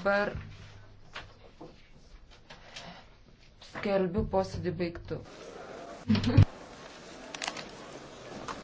Dabar skelbiu posėdį baigtų.